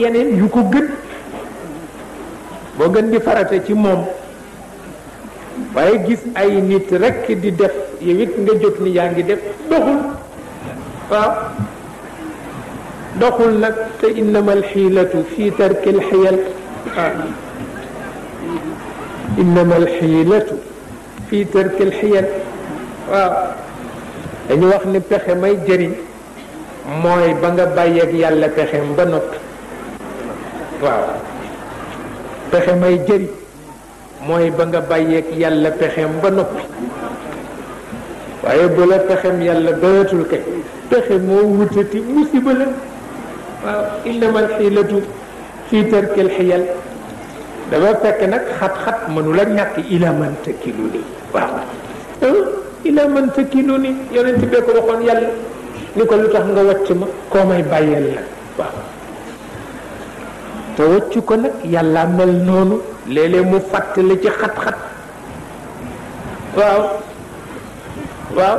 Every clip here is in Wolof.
yeneen yu ko gën boo gën di farata ci moom waaye gis ay nit rekk di def yow it nga jóg ni yaa ngi def doxul waaw doxul nag te innama alxiilatu fi tarki alxiyal waaw dañu wax ni pexe may jëriñ mooy ba nga bàyyeeg yàlla pexem ba noppi waaw pexe may jëriñ mooy ba nga bàyyeeg yàlla pexeem ba noppi waaye bu la pexeem yàlla doyatul kay pexe moo wutati musiba la waaw innama alxiilatu fii tarki alxiyal dafa fekk nag xat-xat mënula ñàkk ila man takkilu ni waaw ila man takkilu ni yonent bee ko yàlla ni ko lu tax nga wàcc ma koo may bàyyeel la waaw te wëccu ko nag yàlla mel noonu léeg mu fàtt la ci xat-xat waaw waaw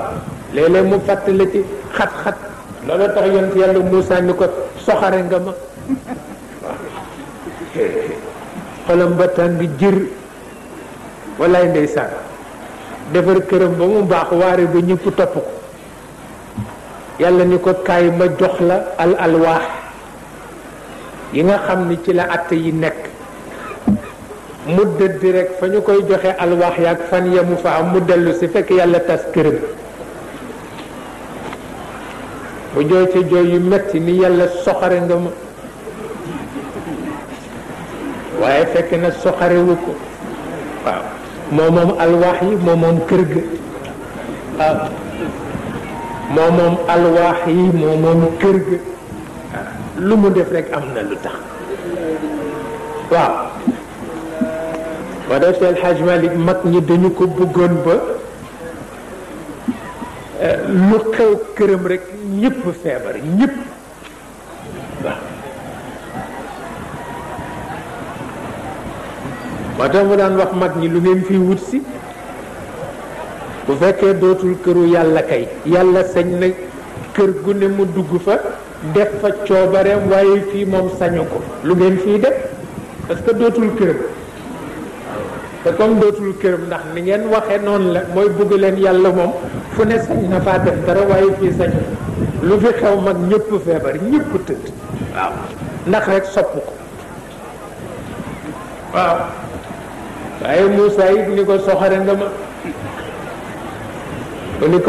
léeg mu fàtt la ci xat-xat loolu tax yonent yàlla Moussa ni ko soxare nga ma xolam ba tàng jër walaay ndeysaan defar këram ba mu baax waare ba ñëpp topp ko yàlla ni ko kaay ma jox la al alwaax yi nga xam ni ci la àtte yi nekk mu dëdd rekk fa ñu koy joxe alwaax ya ak fan ya fa am mu dellu si fekk yàlla tas këram bu jooy ca jooy yu metti ni yàlla soxare nga ma waaye fekk na soxarewu ko waaw moo moom alwaax yi moo moom kër ga moo moom alwaax yi moo moom kër ga lu mu def rekk am na lu tax waaw moo def seen Hajj Malik mag ñi dañu ko bëggoon ba eh, lu xew këram rek ñëpp feebar ñépp waaw ma tax mu daan wax mag ñi lu ngeen fii wut si bu fekkee dootul këru yàlla kay yàlla sañ na kër gu ne mu dugg fa def fa coobareem waaye fii moom sañu ko lu ngeen fii def parce que dootul këram te comme dootul këram ndax ni ngeen waxee noonu la mooy bëgg leen yàlla moom fu ne sañ na faa def dara waaye fii sañu lu fi xew mag ñëpp feebar ñépp tëdd waaw ndax rek sopp ko waaw waaye Moussa it ni ko soxare nga ma ni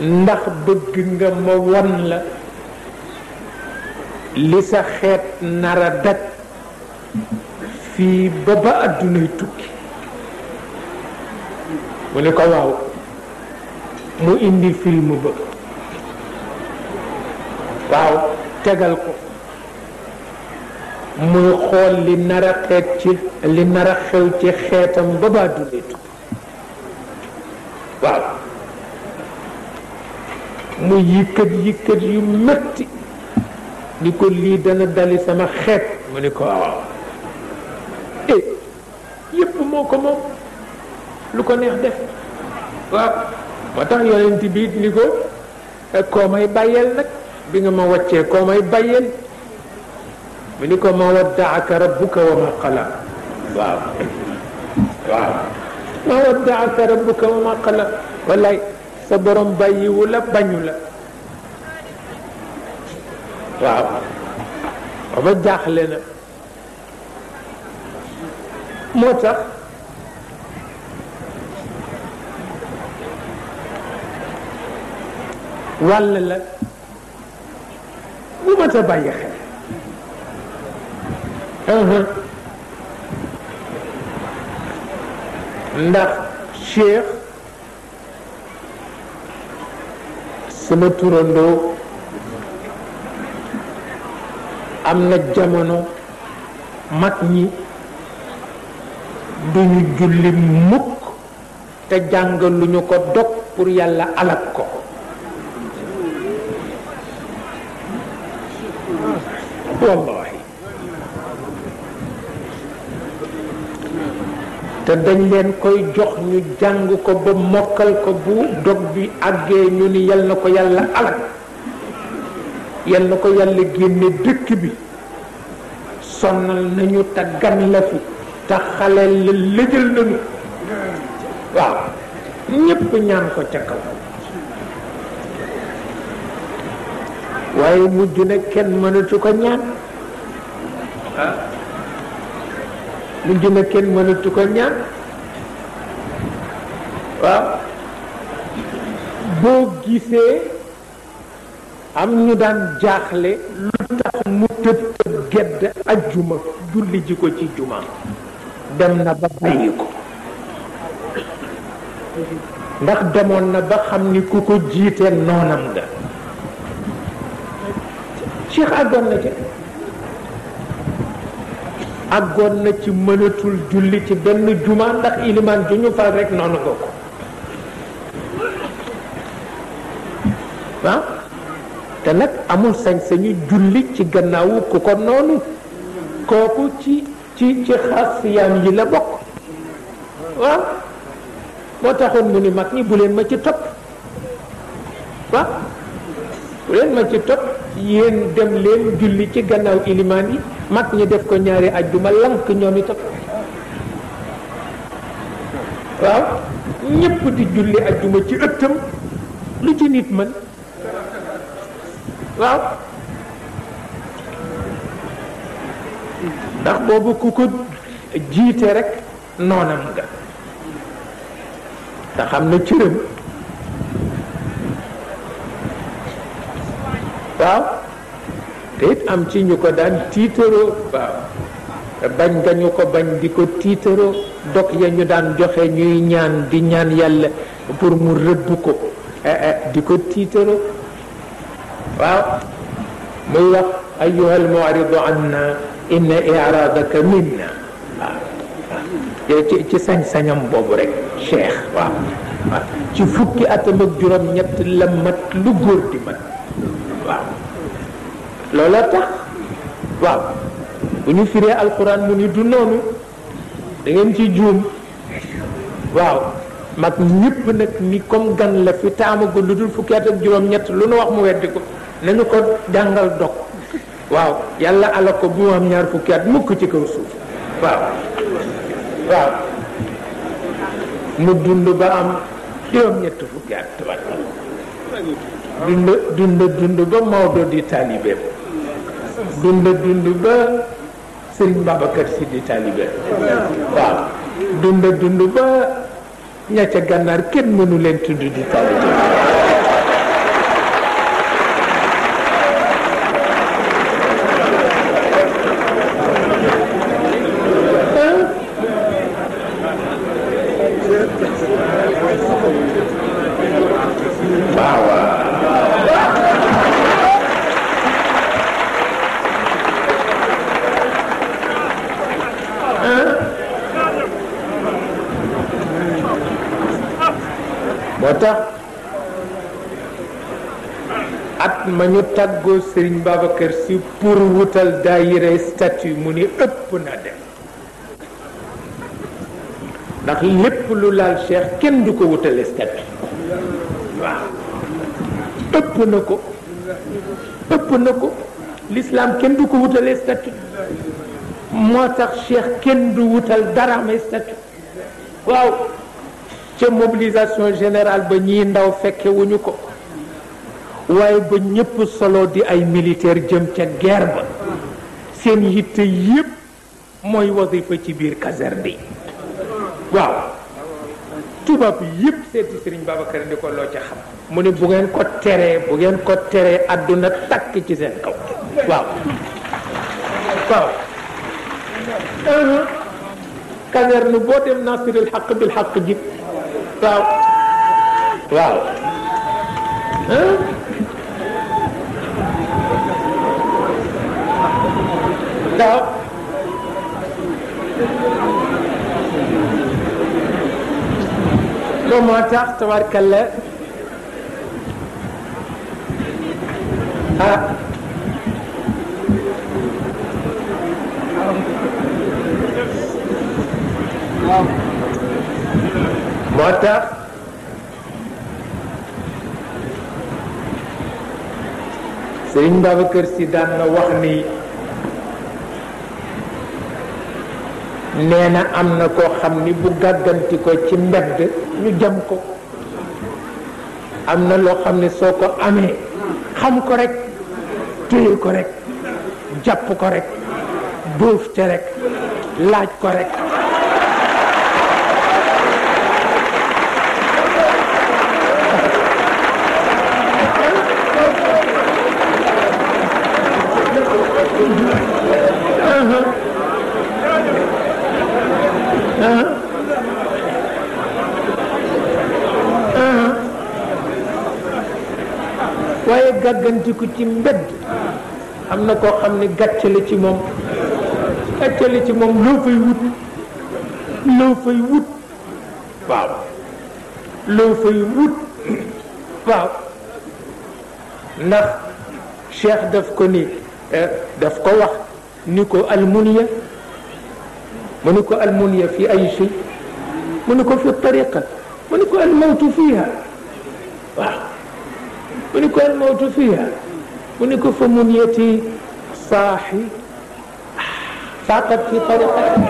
ndax bëgg nga ma won la li sa xeet nara daj fii ba ba addunay tukki mu ne ko waaw mu indi film ba waaw tegal ko muy xool li nara xeet ci li nara xew ci xeetam ba ba addunay tukki waaw mu yëkkat yëkkat yu metti ni ko lii dana dali sama xeet mu ni ko waaw ah. eh moo ko moom lu ko neex def waaw moo tax yonent bi ni ko eh, koo may bàyyeel nag bi nga ma wàccee koo may bàyyeel mu ni ko ma waddaaka rabbuka wa ma qala waaw waaw ma waddaaka rabbuka wa ma qala wallaay sa borom bàyyiwu la bañu la waaw booba jaaxle na moo tax wàll la bu mat a bàyyi xel uh-huh. ndax Cheikh sama turandoo am na jamono mag ñi duñu julli mukk te jàngal lu ñu ko dog pour yàlla alak ko te dañ leen koy jox ñu jàng ko ba mokkal ko bu dog bi àggee ñu ni yal na ko yàlla alal yal na ko yàlla génne dëkk bi sonnal nañu te gan la fi te xale la lëjal nañu waaw ñépp ñaan ko ca kaw waaye mujj na kenn mënatu ko ñaan mujj na kenn mënatu ko ñaan waaw boo gisee am ñu daan jaaxle lu tax mu tëb tëb gedd ajjuma julli ji ko ci juma dem na ba bàyyi ko ndax demoon na ba xam ni ku ko jiite noonam nga Cheikh àggoon na ca àggoon na ci mënatul julli ci benn jumaa ndax ilimaan ju ñu fal rek noonu nga ko ah? te nag amul sañ-sañu julli ci gannaawu ku ko noonu kooku ci ci ci xasiyaam yi la bokk waaw ah? moo taxoon mu ni mag ñi bu leen ma ci topp waaw ah? bu leen ma ci topp yéen dem leen julli ci gannaaw ilimaan yi mag ñi def ko ñaari ajjuma lank ñoom itam waaw ñëpp di julli ajjuma ci ëttam lu ci nit mën waaw ndax boobu ku ko jiite rekk noonam nga te xam na cërëm waaw te am ci ñu ko daan tiitaroo waaw bañ nga ñu ko bañ di ko tiitaroo dog ya ñu daan joxe ñuy ñaan di ñaan yàlla pour mu rëbb ko eh, eh, di ko tiitaroo waaw muy wax ayuha almuaridu anna inna iradaka minna waaw ci sañ-sañam boobu rek cheikh waaw ci fukki atam juróom ñett la mat lu góor di mat waaw looloo tax waaw bu ñu firee alxuraan mu ni du noonu ci juum waaw mag ñëpp nag ni comme gan la fi taamu ko lu dul fukki ak juróom-ñett lu nu wax mu weddi ko nañu ko jàngal dog waaw yàlla ala ko bu mu am ñaar fukki mukk ci kaw suuf waaw mu dund ba am juróom-ñett fukki dund dund dund ba Maodo di taalibeem dund dund ba Serigne Babacar Sy di taalibeem waaw dund dund ba ña gànnaar kenn mënu leen tudd di taalibeem ma ñu tàggoo Serigne kër si pour wutal daayira statut mu ni ëpp na dem ndax lépp lu laal Cheikh kenn du ko wutal statut waaw ëpp na ko ëpp na ko lislaam kenn du ko wutal statut moo tax Cheikh kenn du wutal dara am statut waaw ca mobilisation général ba ñii ndaw fekke wuñu ko waaye ba ñépp solo di ay militaire jëm ca guerre ba seen yitte yépp mooy wasifa ci biir caserne bi waaw tubaab yépp seeti Serigne Babacar di ko loo ca xam mu ne bu ngeen ko teree bu ngeen ko teree àdduna takk ci seen kaw waaw waaw caserne boo dem nasiril xaq bil xaq ji waaw waaw ndax loolu moo tax tabarkalla ah moo tax Si daan na wax ni nee na am na koo xam ni bu gàgganti ko ci mbedd ñu jam ko am na loo xam ne soo ko amee xam ko rek téye ko rekk jàpp ko rekk bóof ca rek laaj ko rekk gàggantiku ci mbedd am na koo xam ne gàcce la ci moom gàcce la ci moom loo fay wut loo fay wut waaw loo fay wut waaw ndax cheikh daf ko ni eh, daf ko wax ni ko almuniya mu ni ko almuniya fi ay shay mu ni ko fi tariqa mu ni ko almawtu fiha mu ni ko almawtu fiha mu ni ko fa muniyati saaxi saaqat fi tariqati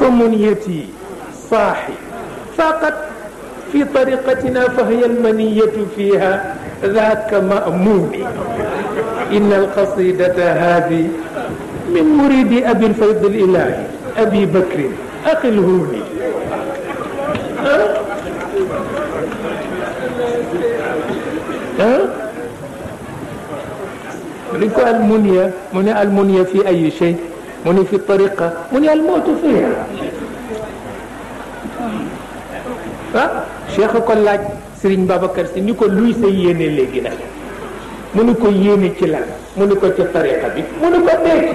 fa muniyati saaxi saaqat fi tariqatina fa hiya almaniyatu fiha ذاك مأموني إن القصيدة هذه min muridi abil faydil ilaahi abi bakrin ko almunia mu ne almunia fi ay shay mu ne fi ko laaj Serigne Babacar si ni ko luy sa yéene léegi mu ne ko yéene ci lan mu ne ko ci tariqa bi mu ne ko dee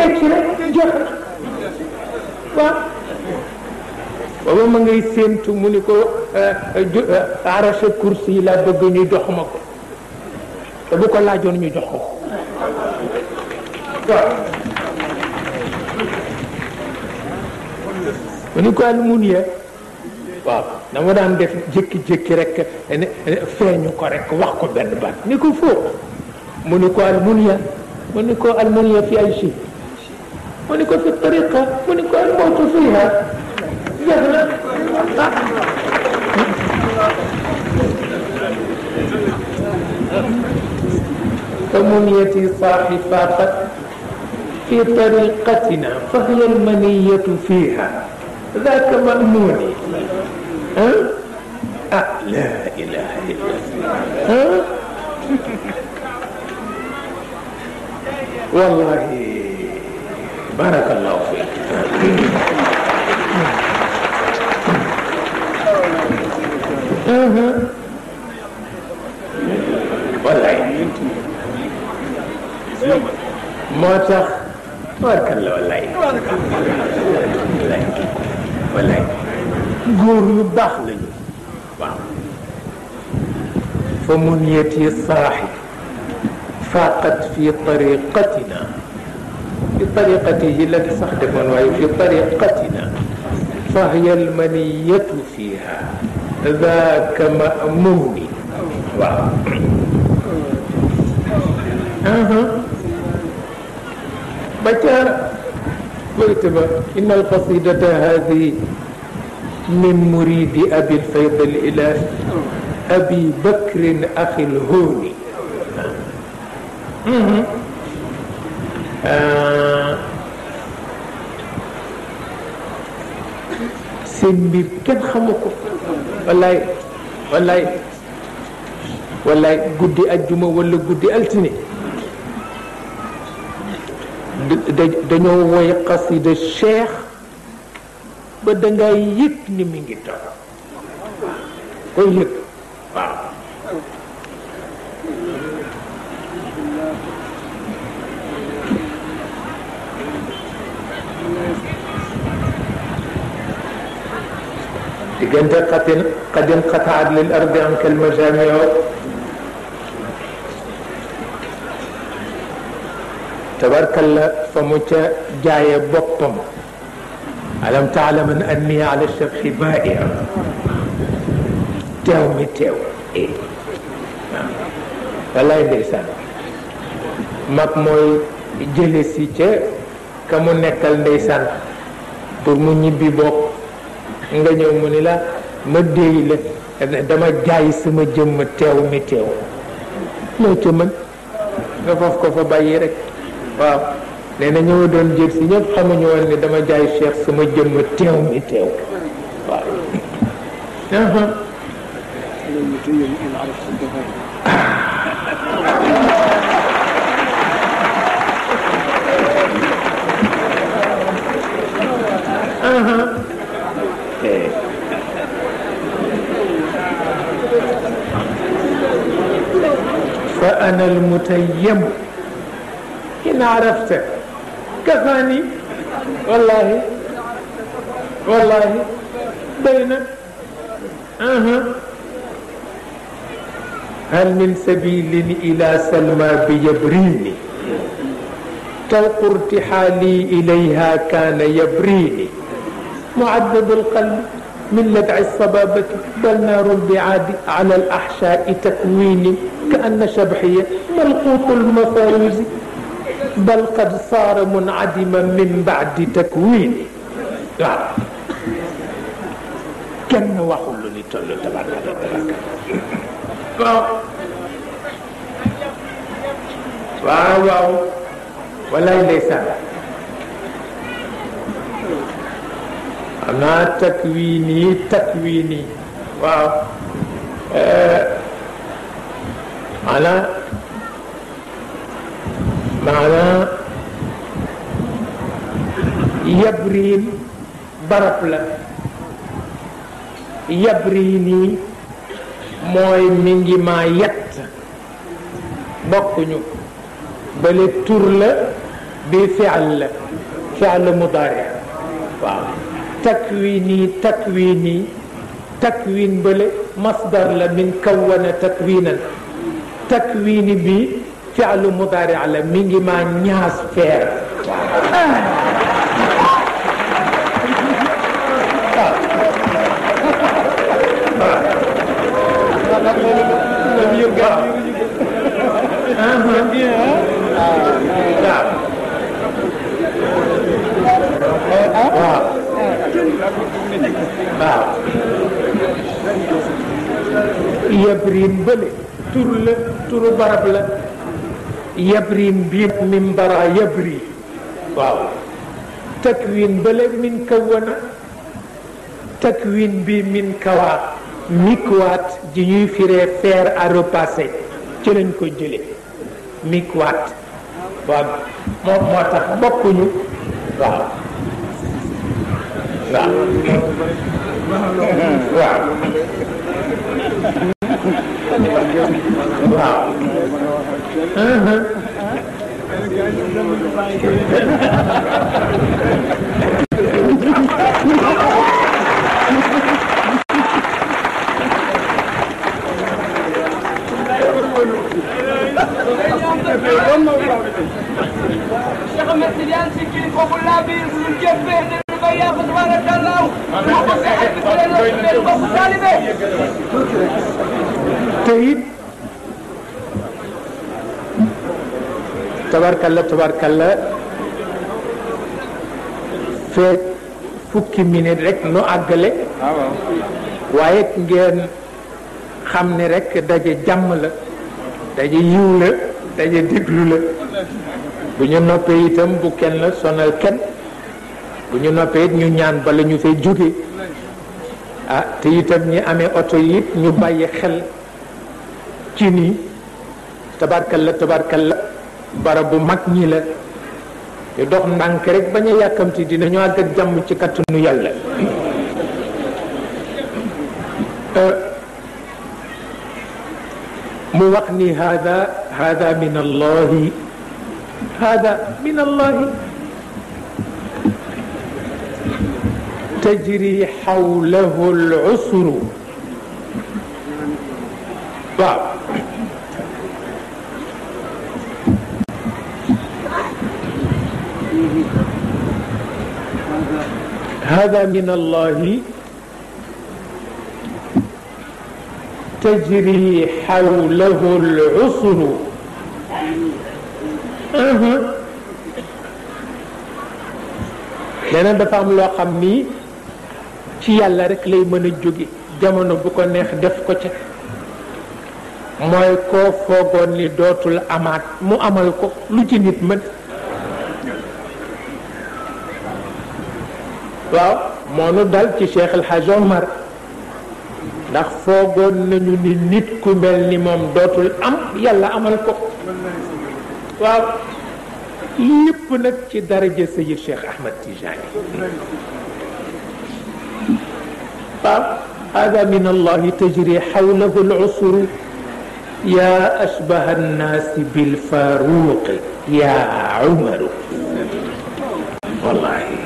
tekki rek jot waaw ma ngay séentu mu ni ko eh, eh, eh, arraché course yi la bëgg ñu jox ma ko te bu ko laajoon jox ko waaw mu ni ko almunia daan def jékki-jékki rek feeñu ko rek wax ko benn baat ni ko foo mu ni ko almunia mu ni ko almunia fi ay si mu ni ko fi tariqa mu ni ko al mawtu fiha jeex na ah. فمنيتي صاحفات في طريقتنا فهي المنية فيها ذاك مأموني ها؟ أه؟ لا إله إلا الله والله barakallahu fiik wallaay moo tax barakallahu wallaay wallaay góor yu baax lañu waaw fa muniyati saaxi faaqat fi tariqatina في طريقته التي صحتكم وهي في طريقتنا فهي المنية فيها ذاك مأموني واو أها بكار قلت إن القصيدة هذه من مريد أبي الفيض الإلهي أبي بكر أخي الهوني Euh, seen mbir kenn xamu ko wallaay wallaay wallaay guddi ajjuma wala guddi altine dañoo woy xasida cheikh ba dangay yëg ni mi ngi toog koy yëg waaw diggante xatin xadim xataat lil ardi an kal masamio tabarkalla fa mu ca jaaye boppam alam taalam anni ala sabxi baia teew mi teew wallaay ndeysaan mag mooy jële si ca ka mu nekkal ndeysaan pour mu ñibbi bokk nga ñëw mu ni la ma déy la dama jaay sama jëmm teew mi teew loo ca mën nga foofu bàyyi rek waaw nee doon jël si dama jaay cheikh sama jëmm teew mi teew فأنا المتيم إن عرفت كفاني والله والله بين أها هل من سبيل إلى سلمى بيبريني طلق ارتحالي إليها كان يبريني معدد القلب من لدع الصبابة بل نار البعاد على الأحشاء تكويني كأن شبحية ملقوط المفاوز بل قد صار منعدما من بعد تكويني kenn waxul lu ni toll tabaraka tabaraka waaw waaw waaw walaay ndeysaan xam naa takwiini takwiini waaw maanaam eh, maanaam yabriin barab la yabriini mooy mi ngi maa yett bokkuñu bële tur la bi fi'l la fi'l mudaari waaw takwini takwini takwin bële masdar la min kawwana takwinan takwini bi fi'lu mudaari la mi ngi maa ñaas feer bële tur la turu barab la yabri mbiib min bara yabri waaw takwin bële min kawana bi min kawaat mikwaat ji ñuy firee fer à repasser ci lañ ko jële mikwaat waaw moom moo tax bokkuñu waaw waaw waaw. Cheikh Ahmed Tidiane si kii kooku laa biir suñu jëfee Tuubaa fa tabaarakallaahu la ko seexal ci fukki minute rek nu àggale waaye ngeen xam ni rek daje jàmm la daje yiw la daje déglu la bu ñu noppee itam bu kenn sonal kenn bu ñu noppee it ñu ñaan bala ñu fee jóge ah te itam ñi amee oto yi ñu bàyyi xel ci nii tabarkal la tabarkal la barab bu mag ñi la ñu dox ndànk rek bañ a yàkkamti dinañu àgg jàmm ci kattanu yàlla eh, mu wax ni hada hada min allahi hada min allahi tajri xawlahu al usru waaw hada min allahi تجري حوله العصر leneen dafa am loo xam ni ci yàlla rekk lay mën a jóge jamono bu ko neex def ko ca mooy koo foogoon ni dootul amaat mu amal ko lu ci nit mën waaw moo nu dal ci Cheikh El Hadj ndax foogoon nañu ni nit ku mel ni moom dootul am yàlla amal ko waaw lépp nag ci daraja Seydi Cheikh Ahmad Tijani waaw hada min allahi tajri xawlahu lusuru yaa ashbaha annaasi bilfaruqi yaa umaru wallahi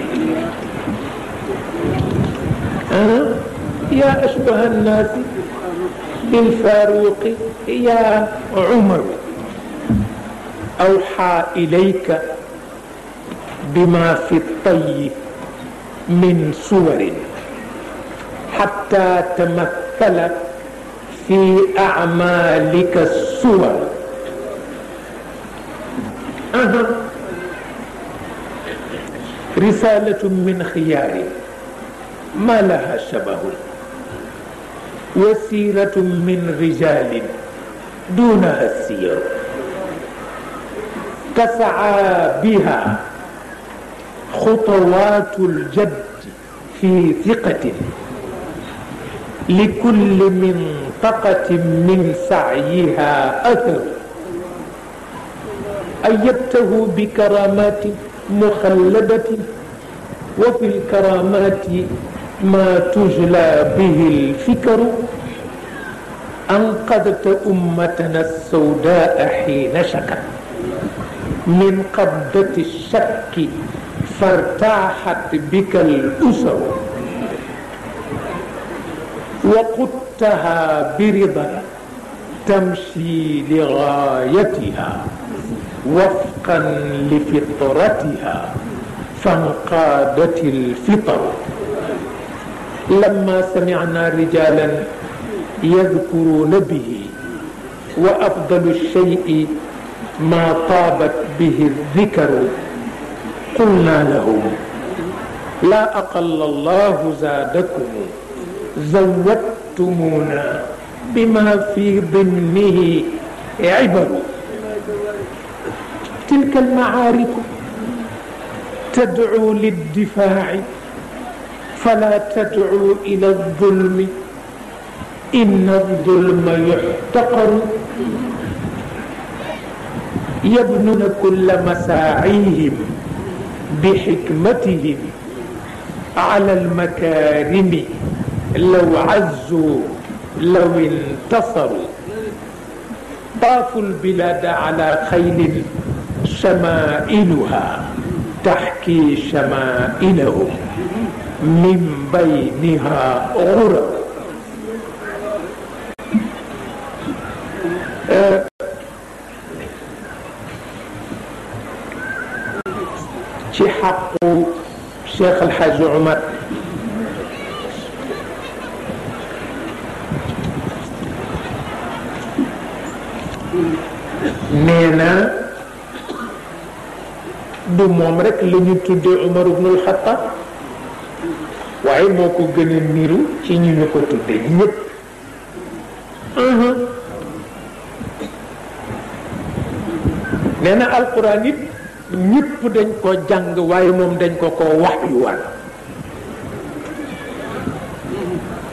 yaa ashbaha annaasi بالفاروق يا عمر أوحى إليك بما في الطي من سور حتى تمثلت في أعمالك الصور أه. رسالة من خيار ما لها شبه وسيرة من رجال دونها السير تسعى بها خطوات الجد في ثقة li kulli mintaqatin min sa'yiha athar ayyabtahu bi karamatin mukhalladatin wa fi lkaramati ma tujla bihi lfikaru أنقذت أمتنا السوداء حين شكت من قبضة الشك فارتاحت بك الأسر وقدتها برضا تمشي لغايتها وفقا لفطرتها فانقادت الفطر لما سمعنا رجالا يذكرون به وافضل الشيء ما طابت به الذكر قلنا لهم لا اقل الله زادكم زودتمونا بما في ضمنه عبر تلك المعارك تدعو للدفاع فلا تدعو إلى الظلم إن الظلم يحتقر يبنون كل مساعيهم بحكمتهم على المكارم لو عزوا لو انتصروا طافوا البلاد على خيل شمائلها تحكي شمائلهم من بينها غرب أه شي حق شيخ الحاج عمر nee na du moom rek la ñu tuddee Umar ibnul Xattaab waaye moo ko gën niru ci ñu ñu ko tuddee ñëpp uh-huh. nee na alxuraan it ñëpp dañ ko jàng waaye moom dañ ko ko wax yu waan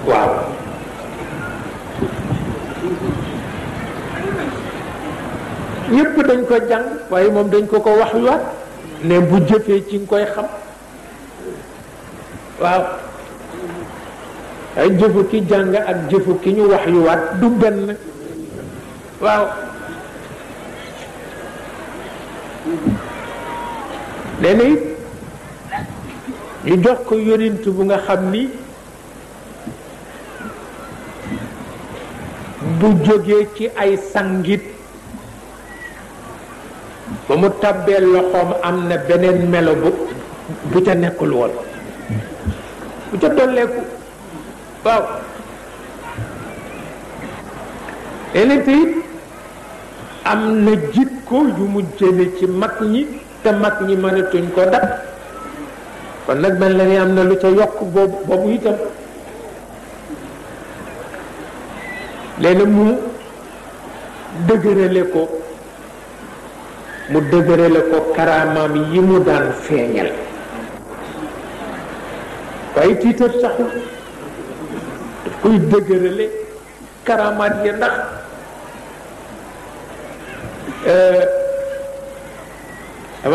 waaw yépp dañ ko jàng waaye moom dañ ko ko wax yoon ne bu jëfee ci nga koy xam waaw ay jëfu ki jàng ak jëfu ki ñu wax yu waat du benn waaw léeg it ñu jox ko yonent bu nga xam ni bu jógee ci ay sangit ba mu tàbbee loxoom am na beneen melo bu bu ca nekkul woon bu ca dolleeku waaw yeneen te it am na jikko yu mu jële ci mag ñi te mag ñi mënatuñ ko dab kon nag mel na ni am na lu ca yokk boobu itam léegi mu dëgërale ko mu dëgëre la ko karaamaam yi mu daan feeñal waaye tiitar taxul daf dëgërale karaamaat ya ndax dama euh,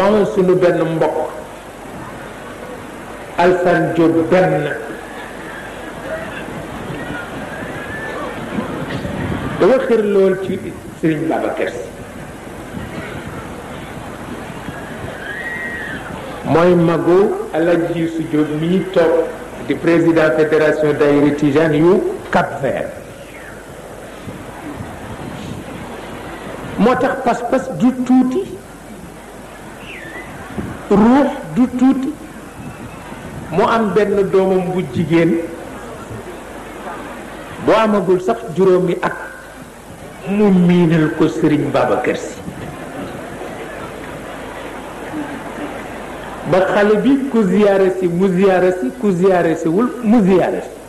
amoon sunu benn mbokk Alsaan Jóob benn dafa xër lool ci Sëriñ Babacar Si mooy mago alaj yu sujjóot mii toog di président fédération daayira tijaan yu Cap Vert moo tax pas-pas du tuuti ruux du tuuti mu am benn doomam bu jigéen boo amagul sax juróomi ak mu miinal ko Serigne Babacar Sy ba xale bi ku ziyaare si mu ziyaare si ku ziyaare si mu ziyaare si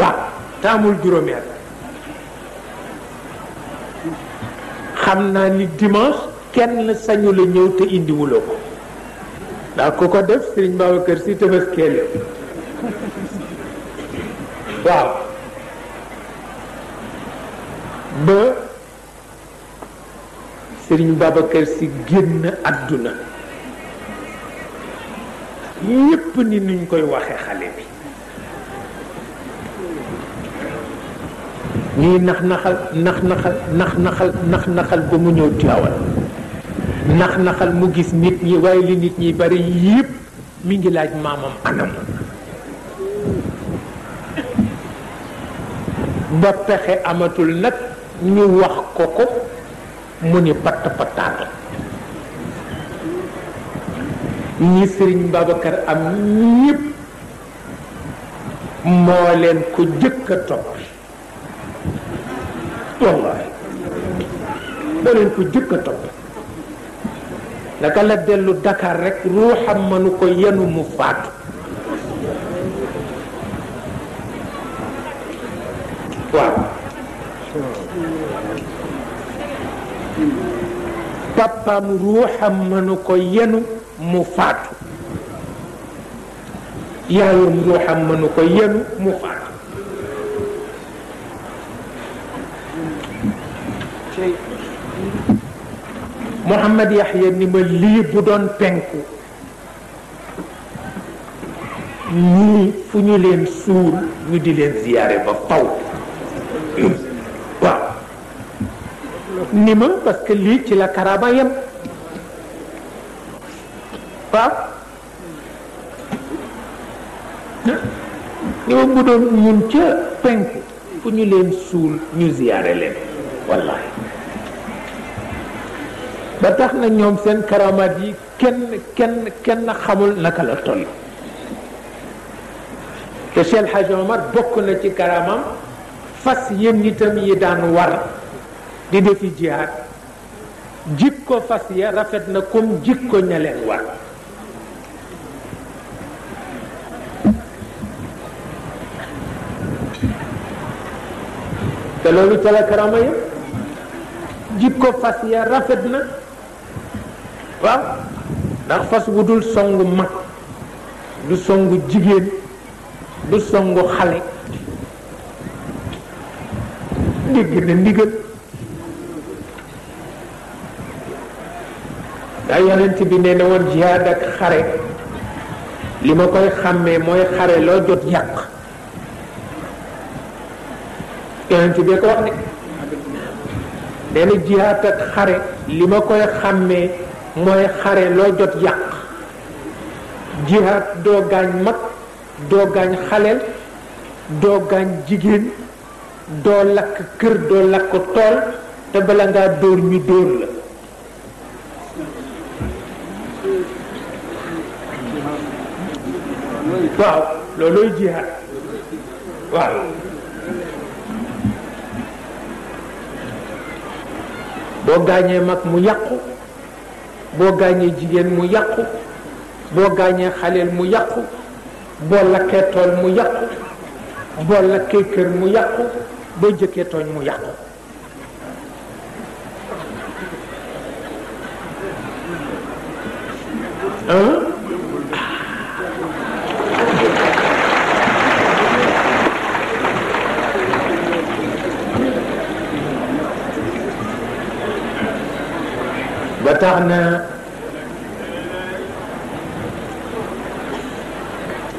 waaw taamul juróomi at xam naa ni dimanche kenn sañu la ñëw te indi wuloo ko ndax ku ko def Serigne Babacar si tefes keele waaw ba Serigne Babacar si génn àdduna yépp ni nuñ koy waxe xale bi ñuy nax naxal nax naxal nax naxal nax naxal ba mu ñëw tiwawal nax naxal mu gis nit ñi waaye li nit ñi bari yépp mi ngi laaj maamam anam ba pexe amatul nag ñu wax ko ko mu ni patt pattaanam ñi sëriñ Babacar am ñëpp moo leen ko jëkk a topp wallahi ko la dellu Dakar rek ruuxam mënu ko yenu mu faatu waaw papaam ruuxam mënu ko yenu mu faatu yaayam ruuxam mënu ko yenu mu faatu Mouhamad Yaxya ni doon penku ñii fu ñu leen suur ñu di leen ziyaare ba faw waaw ni que lii ci la karaba yem waaw ñoo doon ñun ca penk fu ñu leen suul ñu ziyaare leen wallahi ba tax na ñoom seen karamaat yi kenn kenn xamul naka la toll te Cheikh Hadj bokk na ci karamam fas yéen itam yi daan war di defi jihaad jikko fas ya rafet na comme jikko ña leen war te loolu ca la jib ko jikko fas ya rafet na waaw ndax fas bu dul songu mag du songu jigéen du songu xale dégg na ndigal daa yonent bi nee na woon jihaad ak xare li ma koy xàmmee mooy xare loo jot yàq yonent bi ko wax ne nee na jihaat ak xare li ma koy xàmmee mooy xare loo jot yàq jihaat doo gaañ mag doo gaañ xaleel doo gaañ jigéen doo lakk kër doo lakk tool te bala ngaa dóor ñu dóor la waaw loolooy jihaat waaw boo gaañee mag mu yàqu boo gaañee jigéen mu yàqu boo gaañee xaleel mu yàqu boo lakkee tool mu yàqu boo lakkee kër mu yàqu boo jëkkee tooñ mu yàqu ba tax na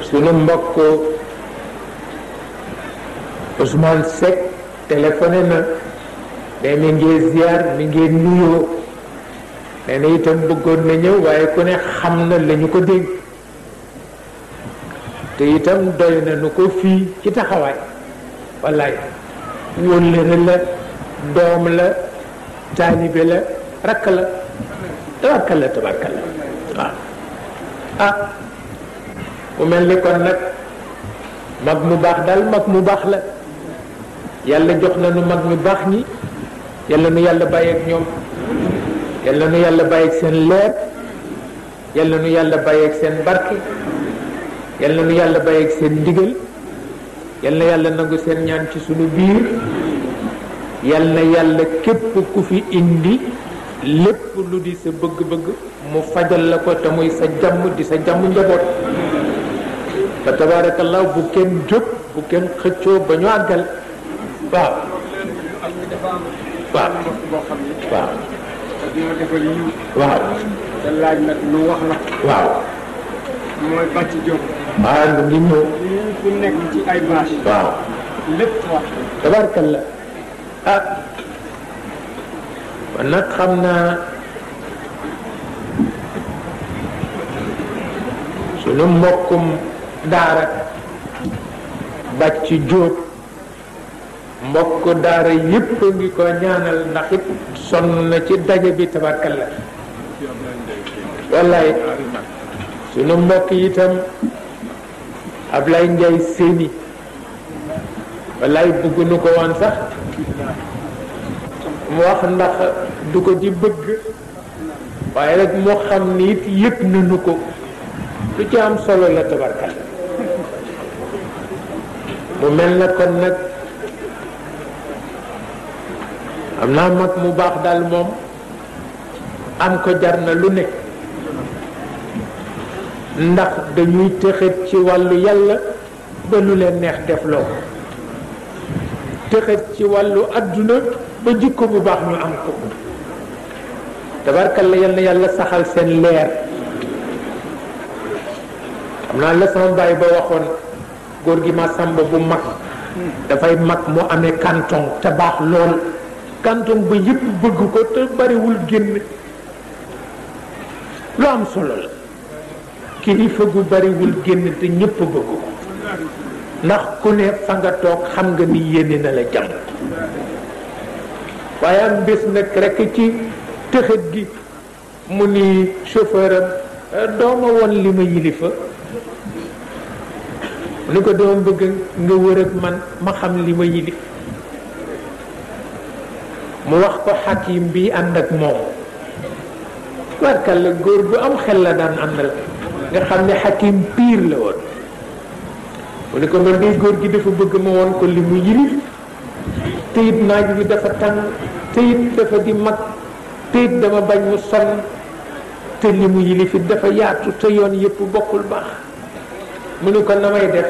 sunu mbokk Ousmane Seck téléphoné na ne mi ngi ziar mi ngi nuyoo nee na itam bëggoon na ñëw waaye ku ne xam na lañu ko dégg te itam doy na nu ko fii ci taxawaay wallaay wóllëre la doom la taalibe la rakk la tabarkalla tabarkalla waaw ah mu mel ni kon nag mag mu baax dal mag mu baax la yàlla jox na nu mag ñu baax ñi yàlla nu yàlla bàyyeek ñoom yàlla nu yàlla bàyyeek seen leer yàlla nu yàlla bàyyeek seen barke yàlla nu yàlla bàyyeek seen ndigal yàlla yàlla seen ñaan ci sunu biir yàlla yàlla képp ku fi indi lépp lu di sa bëgg-bëgg mu fajal la ko te muy sa jàmm di sa jàmm njaboot fa tabarakallah bu kenn jóg bu kenn xëccoo ba ñu àggal waaw waaw waaw waaw te lu la ngi ñëw waaw lépp kon nag xam naa sunu mbokkum daara ci jóor mbokk daara yépp ngi ko ñaanal ndax sonn na ci daje bi tabarkalla wallaay sunu mbokk itam Ablaye Njaay Séni wallaay bëgg nu ko woon sax mu wax ndax du ko di bëgg waaye rek moo xam ni it nañu ko lu ci am solo la tabarkal mu mel na kon nag am na mag mu baax dal moom am ko jar na lu nekk ndax dañuy tëxët ci wàllu yàlla ba lu leen neex def loo tëxët ci wàllu adduna ba jikko bu baax ñu am ko tabarkalla yal na yàlla saxal seen leer xam naa la sama bàyyi ba waxoon góor gi ma sàmba bu mag dafay mag mu amee canton te baax lool canton ba yëpp bëgg ko te bariwul génn lu am solo la kilifa gu bariwul génn te ñëpp bëgg ko ndax ku ne fa nga toog xam nga ni yéene na la jàmm waaye am bés nag rekk ci tëxët gi mu ni chauffeur am eh, dooma woon li ma yilifa ni ko doom bëgg nga wër ak man ma xam li ma yilif mu wax ko xakim bi ànd ak moom warkal la góor bu am xel la daan àndal nga xam ne xakim piir la woon mu ni ko man day góor gi dafa bëgg ma woon ko li mu yilif te it naaj bi dafa tàng te dafa di mag te dama bañ mu sonn te li mu yilifit dafa yaatu te yoon yëpp bokkul baax mu ni ko na may def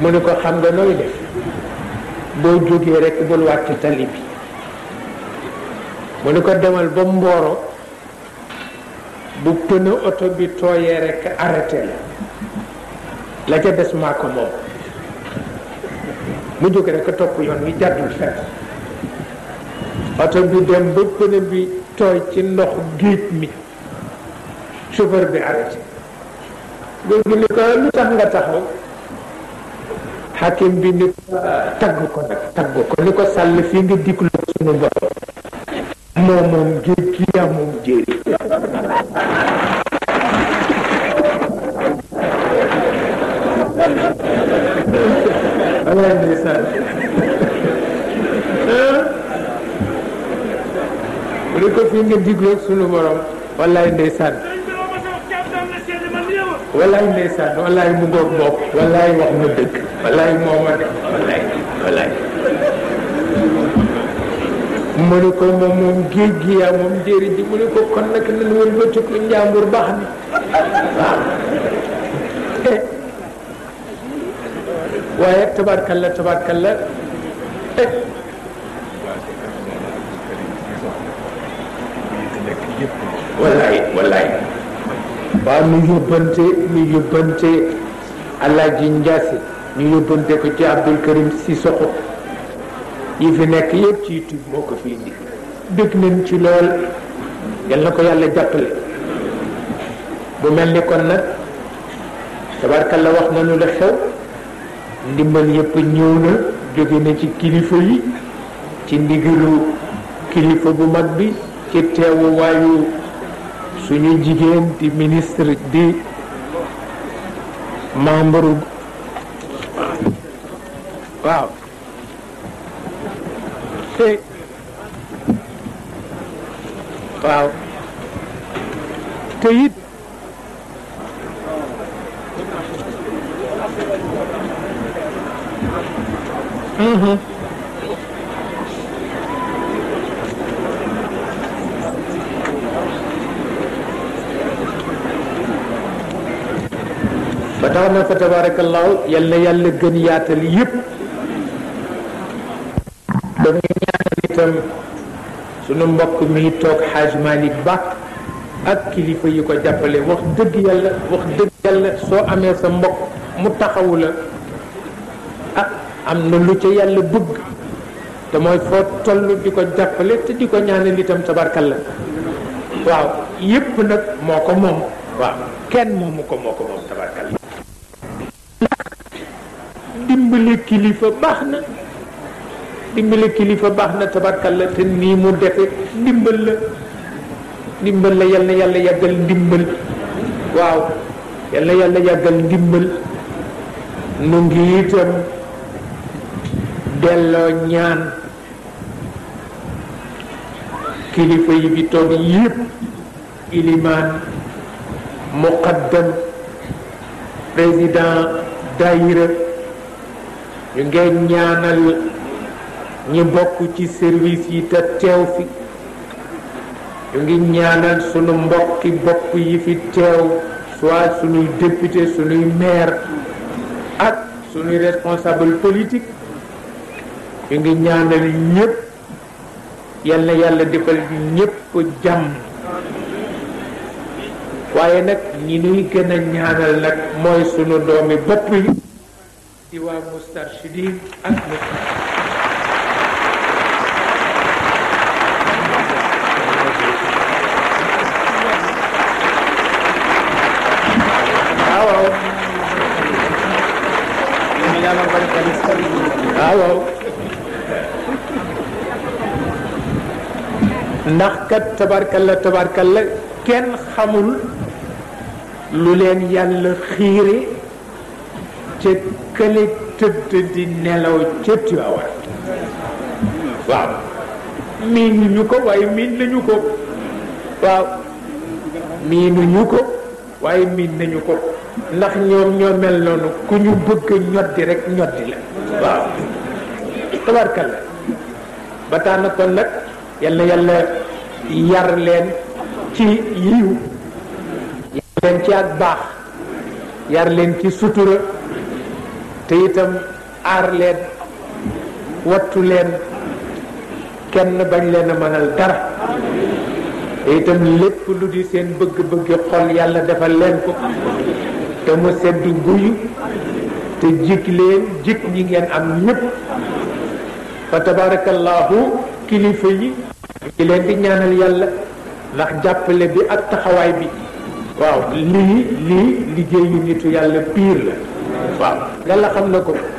mu ne ko xam nga nooy def boo jógee rek bul wàcc tali bi mu ni ko demal ba mbooro bu pneu oto bi tooyee rek arrêté la la ca des maa ko moom mu jóg rek a topp yoon wi jàddul fenn oto bi dem ba pneu bi tooy ci ndox géej mi chauffeur bi arrêté góor ni ko lu tax nga taxaw xakim bi ni ko tagg ko nag tagg ko ni ko sàll fii nga diklu sunu borom moo moom géej gi yaa moom wala ndeysaan mu ne ko fii nga digloog sunu borom wallaay ndeysaan wallaay ndeysaan wallaay mu ngoog bopp wallaay wax na dëgg wallaay moo ma def wallaay wallaay mu ne ko moom moom géej gi yaa moom njëriñ ji mu ne ko kon nag nan wëlbatiku njàmbur baax na waaw waaye tabaarkalla tabaarkalla eh. wallaay wallaay. waaw ñu yóbbante ñu yóbbante Alaaji Njaase ñu yóbbante ko ci Abdul Karim Sissoko yi fi nekk yëpp ci YouTube moo ko fi indi dégg nañ ci lool yal na ko yàlla jàppale bu mel ni kon nag la wax nañu la xew ndimbal yëpp ñëw na jóge na ci kilifa yi ci ndigalu kilifa bu mag bi ci teewuwaayu suñu jigéen di ministre di membre waaw waaw te tabaarakallaahu yal na yàlla gën yaatal yépp dañuy ñaanal itam sunu mbokk mi toog xaaj Malick Ba ak kilifa yi ko jàppale wax dëgg yàlla wax dëgg yàlla soo amee sa mbokk mu taxawu la ah am na lu ca yàlla bëgg te mooy foo toll di ko jàppale te di ko ñaanal itam tabarkalla waaw yépp nag moo ko moom waaw kenn moomu ko moo ko moom dimbale kilifa baax na dimbale kilifa baax na tabarkalla te nii mu defe ndimbal la ndimbal la yal na yàlla yàggal ndimbal waaw yal yàlla yàggal ndimbal nu ngi itam delloo kilifa yi bi toog yépp ilimaan muqaddam président daayira ñu ngeen ñaanal ñi bokk ci service yi te teew fi ñu ngi ñaanal sunu mbokki bopp yi fi teew soit sunuy député sunuy maire ak sunuy responsable politique ñu ngi ñaanal ñëpp yal na yàlla defal ñëpp jàmm waaye nag ñi nuy gën ñaanal nag mooy sunu doomi bopp yi di waa Moustarchidine ak waaw ndax kat tabarkalla tabarkalla kenn xamul lu leen yàlla xiire ca kële tëdd di nelaw ca Tiwaawan waaw miin ñu ko waaye miin nañu ko waaye miin nañu ko ndax ñoom ñoo mel noonu ku ñu bëgg ñoddi rek ñoddi la waaw tabarkalla ba tax na kon nag yal na yar leen ci yiw yar leen ci ak baax yar leen ci sutura te itam aar leen wattu leen kenn bañ leen a mënal dara te itam lépp lu di seen bëgg-bëggi xol yàlla defal leen ko te mu sedd guyu te jig leen jig ñi ngeen am ñëpp fa tabarakallahu kilifa yi di leen di ñaanal yàlla ndax jàppale bi ak taxawaay bi waaw lii lii liggéeyu nitu yàlla piir la baax yàlla xam na ko